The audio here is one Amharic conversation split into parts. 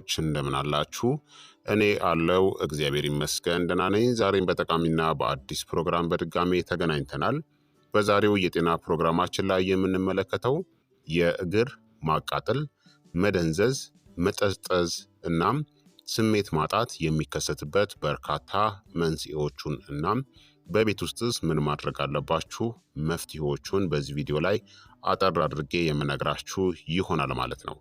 ቤተሰቦች እንደምን አላችሁ? እኔ አለው እግዚአብሔር ይመስገን ደህና ነኝ። ዛሬም በጠቃሚና በአዲስ ፕሮግራም በድጋሜ ተገናኝተናል። በዛሬው የጤና ፕሮግራማችን ላይ የምንመለከተው የእግር ማቃጠል፣ መደንዘዝ፣ መጠዝጠዝ እናም ስሜት ማጣት የሚከሰትበት በርካታ መንስኤዎቹን እናም በቤት ውስጥስ ምን ማድረግ አለባችሁ መፍትሄዎቹን በዚህ ቪዲዮ ላይ አጠር አድርጌ የምነግራችሁ ይሆናል ማለት ነው።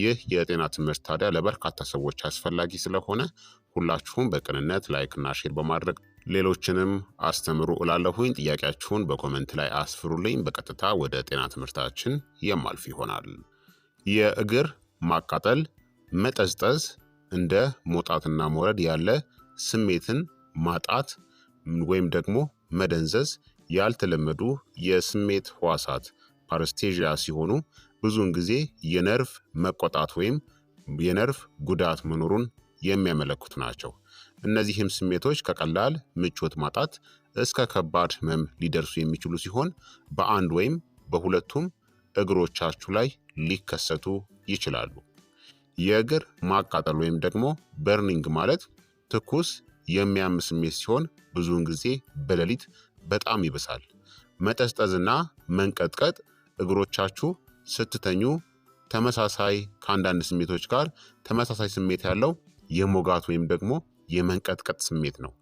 ይህ የጤና ትምህርት ታዲያ ለበርካታ ሰዎች አስፈላጊ ስለሆነ ሁላችሁም በቅንነት ላይክና ሼር በማድረግ ሌሎችንም አስተምሩ እላለሁኝ። ጥያቄያችሁን በኮመንት ላይ አስፍሩልኝ። በቀጥታ ወደ ጤና ትምህርታችን የማልፍ ይሆናል። የእግር ማቃጠል፣ መጠዝጠዝ፣ እንደ መውጣትና መውረድ ያለ ስሜትን ማጣት ወይም ደግሞ መደንዘዝ፣ ያልተለመዱ የስሜት ህዋሳት አረስቴዥያ ሲሆኑ ብዙውን ጊዜ የነርቭ መቆጣት ወይም የነርቭ ጉዳት መኖሩን የሚያመለክቱ ናቸው። እነዚህም ስሜቶች ከቀላል ምቾት ማጣት እስከ ከባድ ህመም ሊደርሱ የሚችሉ ሲሆን በአንድ ወይም በሁለቱም እግሮቻችሁ ላይ ሊከሰቱ ይችላሉ። የእግር ማቃጠል ወይም ደግሞ በርኒንግ ማለት ትኩስ የሚያም ስሜት ሲሆን ብዙውን ጊዜ በሌሊት በጣም ይብሳል። መጠስጠዝና መንቀጥቀጥ እግሮቻችሁ ስትተኙ ተመሳሳይ ከአንዳንድ ስሜቶች ጋር ተመሳሳይ ስሜት ያለው የሞጋት ወይም ደግሞ የመንቀጥቀጥ ስሜት ነው።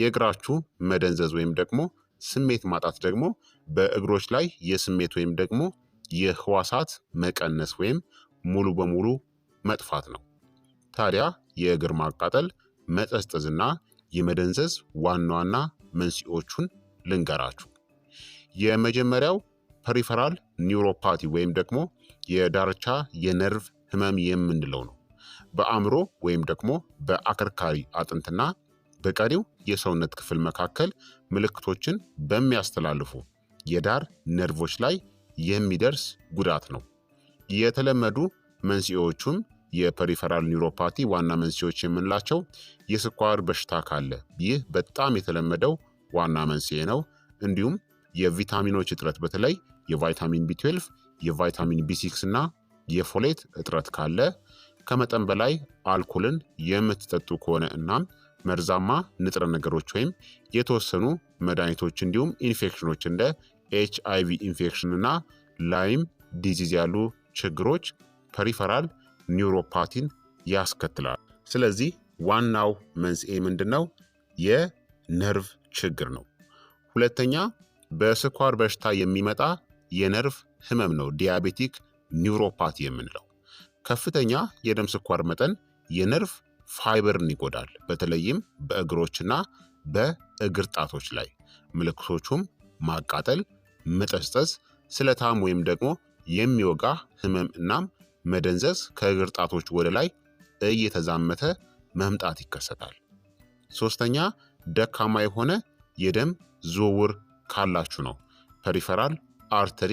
የእግራችሁ መደንዘዝ ወይም ደግሞ ስሜት ማጣት ደግሞ በእግሮች ላይ የስሜት ወይም ደግሞ የህዋሳት መቀነስ ወይም ሙሉ በሙሉ መጥፋት ነው። ታዲያ የእግር ማቃጠል፣ መጠዝጠዝና የመደንዘዝ ዋና ዋና መንስኤዎቹን ልንገራችሁ። የመጀመሪያው ፐሪፈራል ኒውሮፓቲ ወይም ደግሞ የዳርቻ የነርቭ ህመም የምንለው ነው። በአእምሮ ወይም ደግሞ በአከርካሪ አጥንትና በቀሪው የሰውነት ክፍል መካከል ምልክቶችን በሚያስተላልፉ የዳር ነርቮች ላይ የሚደርስ ጉዳት ነው። የተለመዱ መንስኤዎቹም የፐሪፈራል ኒውሮፓቲ ዋና መንስኤዎች የምንላቸው የስኳር በሽታ ካለ፣ ይህ በጣም የተለመደው ዋና መንስኤ ነው። እንዲሁም የቪታሚኖች እጥረት በተለይ የቫይታሚን ቢ12፣ የቫይታሚን ቢ6 እና የፎሌት እጥረት ካለ፣ ከመጠን በላይ አልኮልን የምትጠጡ ከሆነ እናም መርዛማ ንጥረ ነገሮች ወይም የተወሰኑ መድኃኒቶች እንዲሁም ኢንፌክሽኖች እንደ ኤች ቪ ኢንፌክሽን እና ላይም ዲዚዝ ያሉ ችግሮች ፐሪፈራል ኒውሮፓቲን ያስከትላል። ስለዚህ ዋናው መንስኤ ምንድን ነው? የነርቭ ችግር ነው። ሁለተኛ በስኳር በሽታ የሚመጣ የነርቭ ህመም ነው ዲያቤቲክ ኒውሮፓቲ የምንለው። ከፍተኛ የደም ስኳር መጠን የነርቭ ፋይበርን ይጎዳል፣ በተለይም በእግሮችና በእግር ጣቶች ላይ። ምልክቶቹም ማቃጠል፣ መጠስጠስ፣ ስለታም ወይም ደግሞ የሚወጋ ህመም እናም መደንዘዝ ከእግር ጣቶች ወደ ላይ እየተዛመተ መምጣት ይከሰታል። ሶስተኛ ደካማ የሆነ የደም ዝውውር ካላችሁ ነው። ፐሪፈራል አርተሪ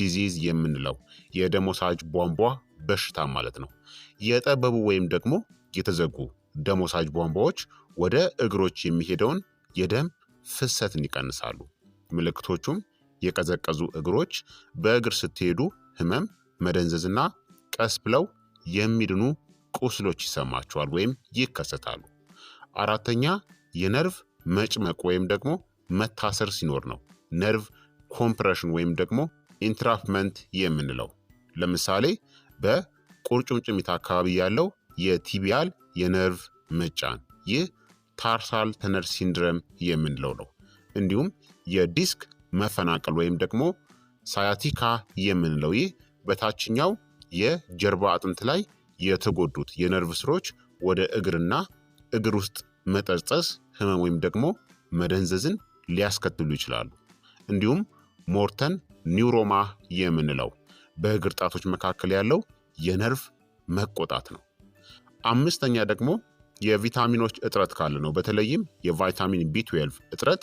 ዲዚዝ የምንለው የደም ወሳጅ ቧንቧ በሽታ ማለት ነው። የጠበቡ ወይም ደግሞ የተዘጉ ደም ወሳጅ ቧንቧዎች ወደ እግሮች የሚሄደውን የደም ፍሰትን ይቀንሳሉ። ምልክቶቹም የቀዘቀዙ እግሮች፣ በእግር ስትሄዱ ህመም፣ መደንዘዝና ቀስ ብለው የሚድኑ ቁስሎች ይሰማቸዋል ወይም ይከሰታሉ። አራተኛ የነርቭ መጭመቅ ወይም ደግሞ መታሰር ሲኖር ነው። ነርቭ ኮምፕረሽን ወይም ደግሞ ኢንትራፕመንት የምንለው ለምሳሌ በቁርጭምጭሚት አካባቢ ያለው የቲቢያል የነርቭ መጫን ይህ ታርሳል ተነር ሲንድረም የምንለው ነው። እንዲሁም የዲስክ መፈናቀል ወይም ደግሞ ሳያቲካ የምንለው ይህ በታችኛው የጀርባ አጥንት ላይ የተጎዱት የነርቭ ስሮች ወደ እግርና እግር ውስጥ መጠርጸስ ህመም ወይም ደግሞ መደንዘዝን ሊያስከትሉ ይችላሉ። እንዲሁም ሞርተን ኒውሮማ የምንለው በእግር ጣቶች መካከል ያለው የነርቭ መቆጣት ነው። አምስተኛ ደግሞ የቪታሚኖች እጥረት ካለ ነው። በተለይም የቫይታሚን ቢ12 እጥረት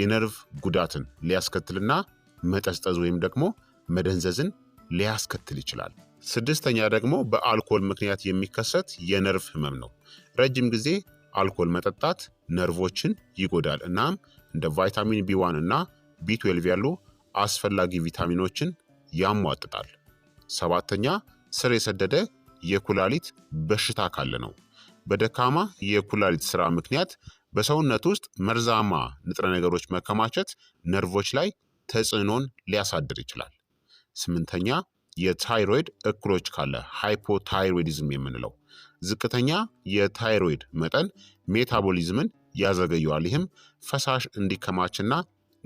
የነርቭ ጉዳትን ሊያስከትልና መጠስጠዝ ወይም ደግሞ መደንዘዝን ሊያስከትል ይችላል። ስድስተኛ ደግሞ በአልኮል ምክንያት የሚከሰት የነርቭ ህመም ነው። ረጅም ጊዜ አልኮል መጠጣት ነርቮችን ይጎዳል። እናም እንደ ቫይታሚን ቢ1 እና ቢ12 ያሉ አስፈላጊ ቪታሚኖችን ያሟጥጣል። ሰባተኛ ስር የሰደደ የኩላሊት በሽታ ካለ ነው። በደካማ የኩላሊት ስራ ምክንያት በሰውነት ውስጥ መርዛማ ንጥረ ነገሮች መከማቸት ነርቮች ላይ ተጽዕኖን ሊያሳድር ይችላል። ስምንተኛ የታይሮይድ እክሎች ካለ ሃይፖታይሮይዲዝም የምንለው ዝቅተኛ የታይሮይድ መጠን ሜታቦሊዝምን ያዘገየዋል። ይህም ፈሳሽ እንዲከማችና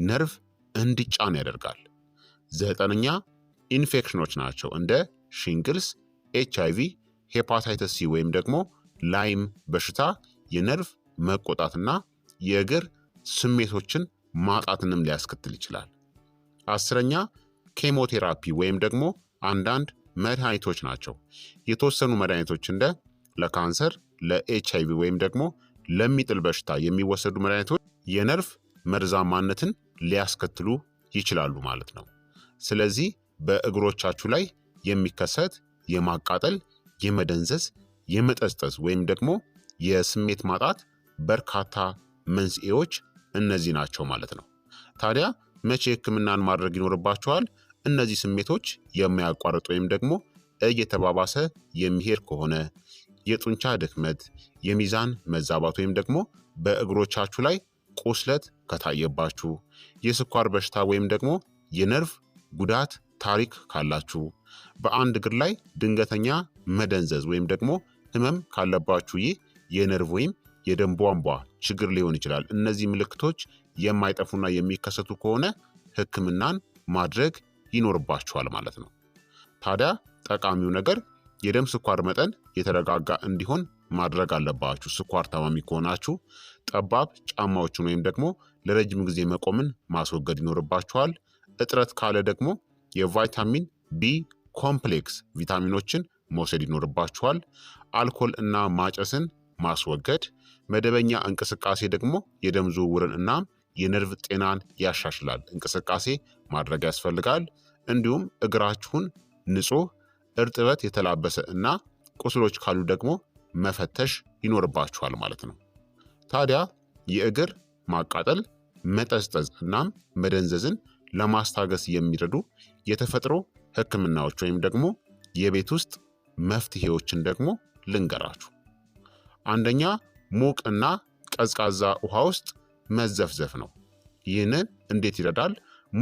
ነርቭ እንዲጫን ያደርጋል። ዘጠነኛ ኢንፌክሽኖች ናቸው። እንደ ሽንግልስ፣ ኤች አይቪ፣ ሄፓታይተስ ሲ ወይም ደግሞ ላይም በሽታ የነርቭ መቆጣትና የእግር ስሜቶችን ማጣትንም ሊያስከትል ይችላል። አስረኛ ኬሞቴራፒ ወይም ደግሞ አንዳንድ መድኃኒቶች ናቸው። የተወሰኑ መድኃኒቶች እንደ ለካንሰር፣ ለኤች አይቪ ወይም ደግሞ ለሚጥል በሽታ የሚወሰዱ መድኃኒቶች የነርቭ መርዛማነትን ሊያስከትሉ ይችላሉ ማለት ነው። ስለዚህ በእግሮቻችሁ ላይ የሚከሰት የማቃጠል፣ የመደንዘዝ፣ የመጠዝጠዝ ወይም ደግሞ የስሜት ማጣት በርካታ መንስኤዎች እነዚህ ናቸው ማለት ነው። ታዲያ መቼ ህክምናን ማድረግ ይኖርባችኋል? እነዚህ ስሜቶች የማያቋርጥ ወይም ደግሞ እየተባባሰ የሚሄድ ከሆነ የጡንቻ ድክመት፣ የሚዛን መዛባት ወይም ደግሞ በእግሮቻችሁ ላይ ቁስለት ከታየባችሁ፣ የስኳር በሽታ ወይም ደግሞ የነርቭ ጉዳት ታሪክ ካላችሁ፣ በአንድ እግር ላይ ድንገተኛ መደንዘዝ ወይም ደግሞ ህመም ካለባችሁ ይህ የነርቭ ወይም የደም ቧንቧ ችግር ሊሆን ይችላል። እነዚህ ምልክቶች የማይጠፉና የሚከሰቱ ከሆነ ህክምናን ማድረግ ይኖርባችኋል ማለት ነው። ታዲያ ጠቃሚው ነገር የደም ስኳር መጠን የተረጋጋ እንዲሆን ማድረግ አለባችሁ። ስኳር ታማሚ ከሆናችሁ ጠባብ ጫማዎችን ወይም ደግሞ ለረጅም ጊዜ መቆምን ማስወገድ ይኖርባችኋል። እጥረት ካለ ደግሞ የቫይታሚን ቢ ኮምፕሌክስ ቪታሚኖችን መውሰድ ይኖርባችኋል። አልኮል እና ማጨስን ማስወገድ፣ መደበኛ እንቅስቃሴ ደግሞ የደም ዝውውርን እናም የነርቭ ጤናን ያሻሽላል። እንቅስቃሴ ማድረግ ያስፈልጋል። እንዲሁም እግራችሁን ንጹህ እርጥበት የተላበሰ እና ቁስሎች ካሉ ደግሞ መፈተሽ ይኖርባችኋል ማለት ነው። ታዲያ የእግር ማቃጠል፣ መጠዝጠዝ እናም መደንዘዝን ለማስታገስ የሚረዱ የተፈጥሮ ሕክምናዎች ወይም ደግሞ የቤት ውስጥ መፍትሄዎችን ደግሞ ልንገራችሁ። አንደኛ ሙቅ እና ቀዝቃዛ ውሃ ውስጥ መዘፍዘፍ ነው። ይህንን እንዴት ይረዳል?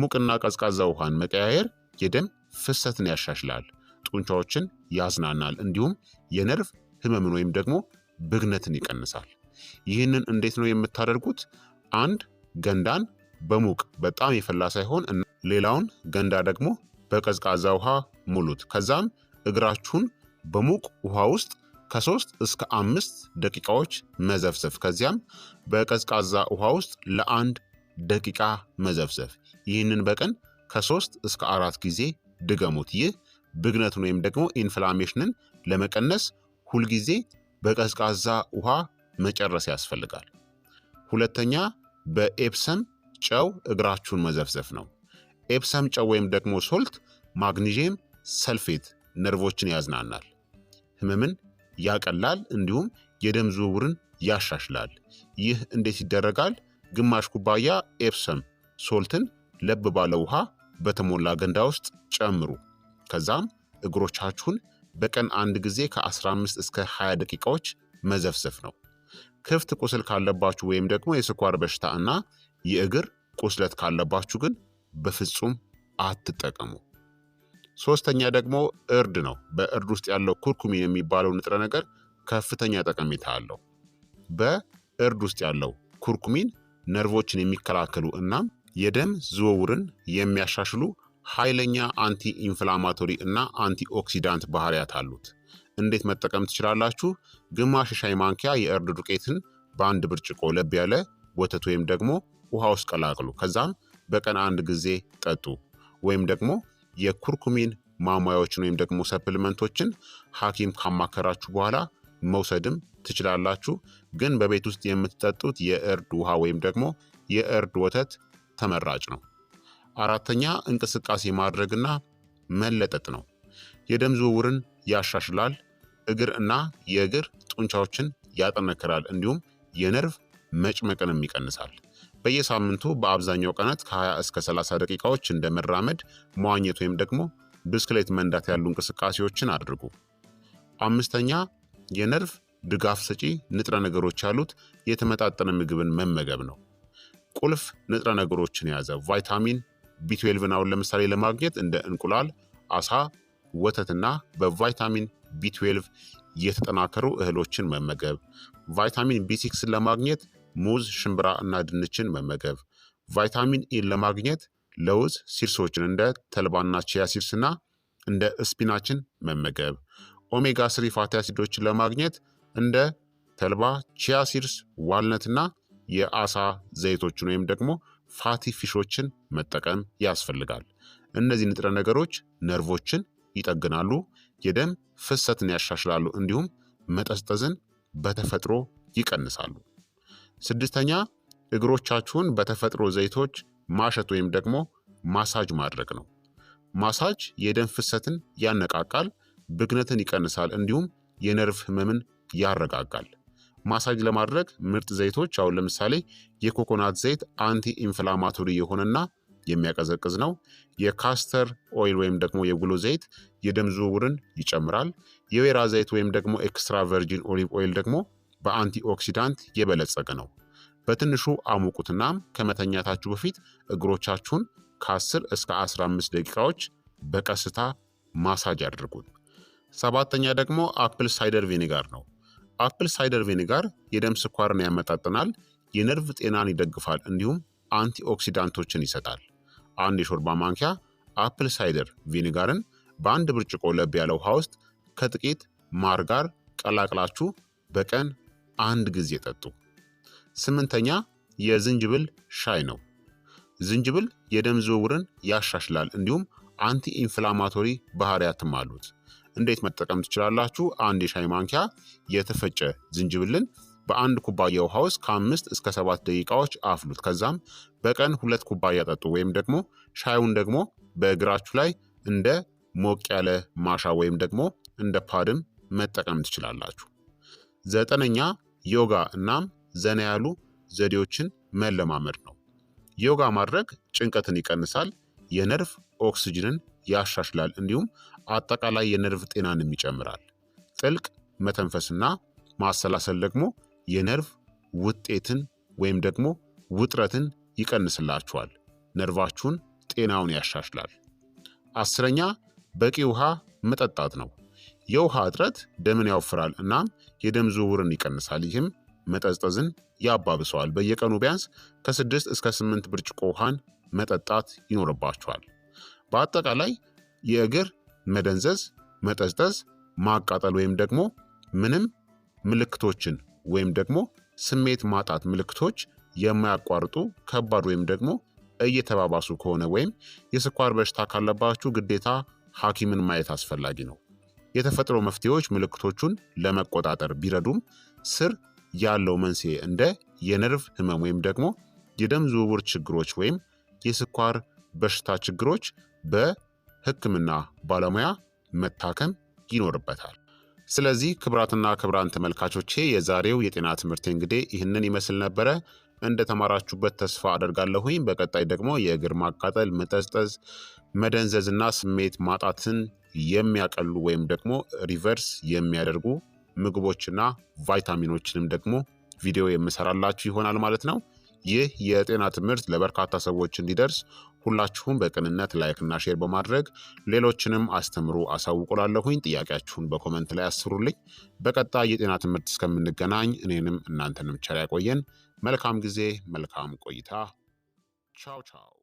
ሙቅና ቀዝቃዛ ውሃን መቀያየር የደም ፍሰትን ያሻሽላል፣ ጡንቻዎችን ያዝናናል፣ እንዲሁም የነርቭ ህመምን ወይም ደግሞ ብግነትን ይቀንሳል። ይህንን እንዴት ነው የምታደርጉት? አንድ ገንዳን በሙቅ በጣም የፈላ ሳይሆን እና ሌላውን ገንዳ ደግሞ በቀዝቃዛ ውሃ ሙሉት። ከዛም እግራችሁን በሙቅ ውሃ ውስጥ ከሶስት እስከ አምስት ደቂቃዎች መዘፍዘፍ፣ ከዚያም በቀዝቃዛ ውሃ ውስጥ ለአንድ ደቂቃ መዘፍዘፍ። ይህንን በቀን ከሶስት እስከ አራት ጊዜ ድገሙት። ይህ ብግነትን ወይም ደግሞ ኢንፍላሜሽንን ለመቀነስ ሁልጊዜ በቀዝቃዛ ውሃ መጨረስ ያስፈልጋል። ሁለተኛ በኤፕሰም ጨው እግራችሁን መዘፍዘፍ ነው። ኤፕሰም ጨው ወይም ደግሞ ሶልት ማግኒዥየም ሰልፌት ነርቮችን ያዝናናል፣ ህመምን ያቀላል፣ እንዲሁም የደም ዝውውርን ያሻሽላል። ይህ እንዴት ይደረጋል? ግማሽ ኩባያ ኤፕሰም ሶልትን ለብ ባለ ውሃ በተሞላ ገንዳ ውስጥ ጨምሩ። ከዛም እግሮቻችሁን በቀን አንድ ጊዜ ከ15 እስከ 20 ደቂቃዎች መዘፍዘፍ ነው። ክፍት ቁስል ካለባችሁ ወይም ደግሞ የስኳር በሽታ እና የእግር ቁስለት ካለባችሁ ግን በፍጹም አትጠቀሙ። ሶስተኛ ደግሞ እርድ ነው። በእርድ ውስጥ ያለው ኩርኩሚን የሚባለው ንጥረ ነገር ከፍተኛ ጠቀሜታ አለው። በእርድ ውስጥ ያለው ኩርኩሚን ነርቮችን የሚከላከሉ እናም የደም ዝውውርን የሚያሻሽሉ ኃይለኛ አንቲ ኢንፍላማቶሪ እና አንቲ ኦክሲዳንት ባህሪያት አሉት። እንዴት መጠቀም ትችላላችሁ? ግማሽ ሻይ ማንኪያ የእርድ ዱቄትን በአንድ ብርጭቆ ለብ ያለ ወተት ወይም ደግሞ ውሃ ውስጥ ቀላቅሉ። ከዛም በቀን አንድ ጊዜ ጠጡ። ወይም ደግሞ የኩርኩሚን ማሟያዎችን ወይም ደግሞ ሰፕልመንቶችን ሐኪም ካማከራችሁ በኋላ መውሰድም ትችላላችሁ። ግን በቤት ውስጥ የምትጠጡት የእርድ ውሃ ወይም ደግሞ የእርድ ወተት ተመራጭ ነው። አራተኛ እንቅስቃሴ ማድረግና መለጠጥ ነው። የደም ዝውውርን ያሻሽላል። እግር እና የእግር ጡንቻዎችን ያጠነክራል። እንዲሁም የነርቭ መጭመቅንም ይቀንሳል። በየሳምንቱ በአብዛኛው ቀናት ከ20 እስከ 30 ደቂቃዎች እንደ መራመድ፣ መዋኘት ወይም ደግሞ ብስክሌት መንዳት ያሉ እንቅስቃሴዎችን አድርጉ። አምስተኛ የነርቭ ድጋፍ ሰጪ ንጥረ ነገሮች ያሉት የተመጣጠነ ምግብን መመገብ ነው። ቁልፍ ንጥረ ነገሮችን የያዘ ቫይታሚን ቢትዌልቭን አሁን ለምሳሌ ለማግኘት እንደ እንቁላል፣ አሳ፣ ወተትና በቫይታሚን ቢትዌልቭ የተጠናከሩ እህሎችን መመገብ፣ ቫይታሚን ቢሲክስን ለማግኘት ሙዝ፣ ሽምብራ እና ድንችን መመገብ፣ ቫይታሚን ኢን e ለማግኘት ለውዝ፣ ሲርሶችን እንደ ተልባና ቺያ ሲርስና እንደ ስፒናችን መመገብ፣ ኦሜጋ ስሪ ፋቲ አሲዶችን ለማግኘት እንደ ተልባ፣ ቺያ ሲርስ፣ ዋልነትና የአሳ ዘይቶችን ወይም ደግሞ ፋቲ ፊሾችን መጠቀም ያስፈልጋል። እነዚህ ንጥረ ነገሮች ነርቮችን ይጠግናሉ፣ የደም ፍሰትን ያሻሽላሉ፣ እንዲሁም መጠስጠዝን በተፈጥሮ ይቀንሳሉ። ስድስተኛ እግሮቻችሁን በተፈጥሮ ዘይቶች ማሸት ወይም ደግሞ ማሳጅ ማድረግ ነው። ማሳጅ የደም ፍሰትን ያነቃቃል፣ ብግነትን ይቀንሳል፣ እንዲሁም የነርቭ ህመምን ያረጋጋል። ማሳጅ ለማድረግ ምርጥ ዘይቶች አሁን ለምሳሌ የኮኮናት ዘይት አንቲ ኢንፍላማቶሪ የሆነና የሚያቀዘቅዝ ነው። የካስተር ኦይል ወይም ደግሞ የጉሎ ዘይት የደም ዝውውርን ይጨምራል። የወይራ ዘይት ወይም ደግሞ ኤክስትራ ቨርጂን ኦሊቭ ኦይል ደግሞ በአንቲ ኦክሲዳንት የበለጸገ ነው። በትንሹ አሙቁትናም ከመተኛታችሁ በፊት እግሮቻችሁን ከ10 እስከ 15 ደቂቃዎች በቀስታ ማሳጅ አድርጉት። ሰባተኛ ደግሞ አፕል ሳይደር ቪኒጋር ነው። አፕል ሳይደር ቪኒጋር የደም ስኳርን ያመጣጥናል፣ የነርቭ ጤናን ይደግፋል፣ እንዲሁም አንቲኦክሲዳንቶችን ይሰጣል። አንድ የሾርባ ማንኪያ አፕል ሳይደር ቪኒጋርን በአንድ ብርጭቆ ለብ ያለ ውሃ ውስጥ ከጥቂት ማር ጋር ቀላቅላችሁ በቀን አንድ ጊዜ ጠጡ። ስምንተኛ የዝንጅብል ሻይ ነው። ዝንጅብል የደም ዝውውርን ያሻሽላል እንዲሁም አንቲ ኢንፍላማቶሪ ባህሪያትም አሉት። እንዴት መጠቀም ትችላላችሁ? አንድ የሻይ ማንኪያ የተፈጨ ዝንጅብልን በአንድ ኩባያ ውሃ ውስጥ ከአምስት እስከ ሰባት ደቂቃዎች አፍሉት። ከዛም በቀን ሁለት ኩባያ ጠጡ። ወይም ደግሞ ሻዩን ደግሞ በእግራችሁ ላይ እንደ ሞቅ ያለ ማሻ ወይም ደግሞ እንደ ፓድም መጠቀም ትችላላችሁ። ዘጠነኛ ዮጋ እናም ዘና ያሉ ዘዴዎችን መለማመድ ነው። ዮጋ ማድረግ ጭንቀትን ይቀንሳል፣ የነርቭ ኦክስጅንን ያሻሽላል፣ እንዲሁም አጠቃላይ የነርቭ ጤናንም ይጨምራል። ጥልቅ መተንፈስና ማሰላሰል ደግሞ የነርቭ ውጤትን ወይም ደግሞ ውጥረትን ይቀንስላችኋል፣ ነርቫችሁን ጤናውን ያሻሽላል። አስረኛ በቂ ውሃ መጠጣት ነው። የውሃ እጥረት ደምን ያወፍራል እናም የደም ዝውውርን ይቀንሳል። ይህም መጠዝጠዝን ያባብሰዋል። በየቀኑ ቢያንስ ከስድስት እስከ ስምንት ብርጭቆ ውሃን መጠጣት ይኖርባችኋል። በአጠቃላይ የእግር መደንዘዝ፣ መጠዝጠዝ፣ ማቃጠል ወይም ደግሞ ምንም ምልክቶችን ወይም ደግሞ ስሜት ማጣት ምልክቶች የማያቋርጡ ከባድ ወይም ደግሞ እየተባባሱ ከሆነ ወይም የስኳር በሽታ ካለባችሁ ግዴታ ሐኪምን ማየት አስፈላጊ ነው። የተፈጥሮ መፍትሄዎች ምልክቶቹን ለመቆጣጠር ቢረዱም ስር ያለው መንስኤ እንደ የነርቭ ህመም ወይም ደግሞ የደም ዝውውር ችግሮች ወይም የስኳር በሽታ ችግሮች በህክምና ባለሙያ መታከም ይኖርበታል። ስለዚህ ክብራትና ክብራን ተመልካቾቼ የዛሬው የጤና ትምህርት እንግዲህ ይህንን ይመስል ነበረ። እንደተማራችሁበት ተስፋ አደርጋለሁኝ። በቀጣይ ደግሞ የእግር ማቃጠል፣ መጠዝጠዝ፣ መደንዘዝና ስሜት ማጣትን የሚያቀሉ ወይም ደግሞ ሪቨርስ የሚያደርጉ ምግቦችና ቫይታሚኖችንም ደግሞ ቪዲዮ የምሰራላችሁ ይሆናል ማለት ነው። ይህ የጤና ትምህርት ለበርካታ ሰዎች እንዲደርስ ሁላችሁም በቅንነት ላይክና ሼር በማድረግ ሌሎችንም አስተምሩ። አሳውቁላለሁኝ። ጥያቄያችሁን በኮመንት ላይ አስሩልኝ። በቀጣይ የጤና ትምህርት እስከምንገናኝ እኔንም እናንተንም ቸር ያቆየን። መልካም ጊዜ፣ መልካም ቆይታ። ቻው ቻው